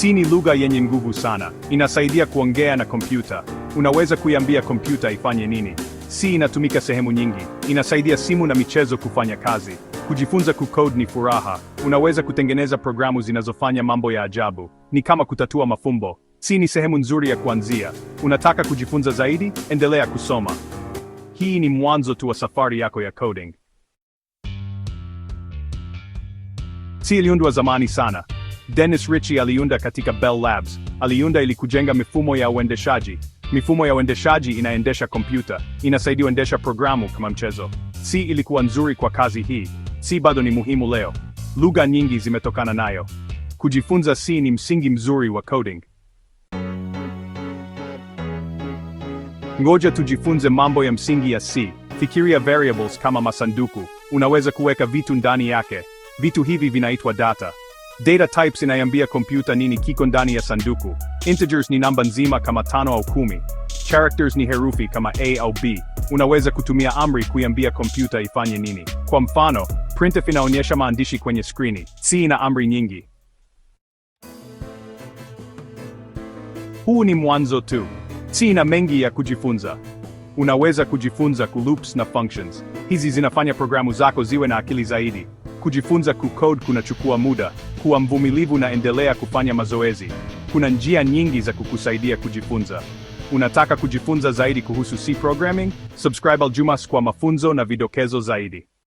C ni lugha yenye nguvu sana, inasaidia kuongea na kompyuta. Unaweza kuiambia kompyuta ifanye nini. C inatumika sehemu nyingi, inasaidia simu na michezo kufanya kazi. Kujifunza kucode ni furaha, unaweza kutengeneza programu zinazofanya mambo ya ajabu, ni kama kutatua mafumbo. C ni sehemu nzuri ya kuanzia. Unataka kujifunza zaidi? Endelea kusoma. Hii ni mwanzo tu wa safari yako ya coding. C iliundwa zamani sana. Dennis Ritchie aliunda katika Bell Labs. Aliunda ili kujenga mifumo ya uendeshaji. Mifumo ya uendeshaji inaendesha kompyuta, inasaidia uendesha programu kama mchezo. C ilikuwa nzuri kwa kazi hii. C bado ni muhimu leo. Lugha nyingi zimetokana nayo. Kujifunza C ni msingi mzuri wa coding. Ngoja tujifunze mambo ya msingi ya C. Fikiria variables kama masanduku. Unaweza kuweka vitu ndani yake. Vitu hivi vinaitwa data. Data types inaiambia kompyuta nini kiko ndani ya sanduku. Integers ni namba nzima kama tano au kumi. Characters ni herufi kama A au B. Unaweza kutumia amri kuiambia kompyuta ifanye nini. Kwa mfano, printf inaonyesha maandishi kwenye skrini. Si ina amri nyingi. Huu ni mwanzo tu. Si ina mengi ya kujifunza. Unaweza kujifunza ku loops na functions. Hizi zinafanya programu zako ziwe na akili zaidi. Kujifunza ku code kunachukua muda kuwa mvumilivu na endelea kufanya mazoezi. Kuna njia nyingi za kukusaidia kujifunza. Unataka kujifunza zaidi kuhusu C programming? Subscribe Aljumas kwa mafunzo na vidokezo zaidi.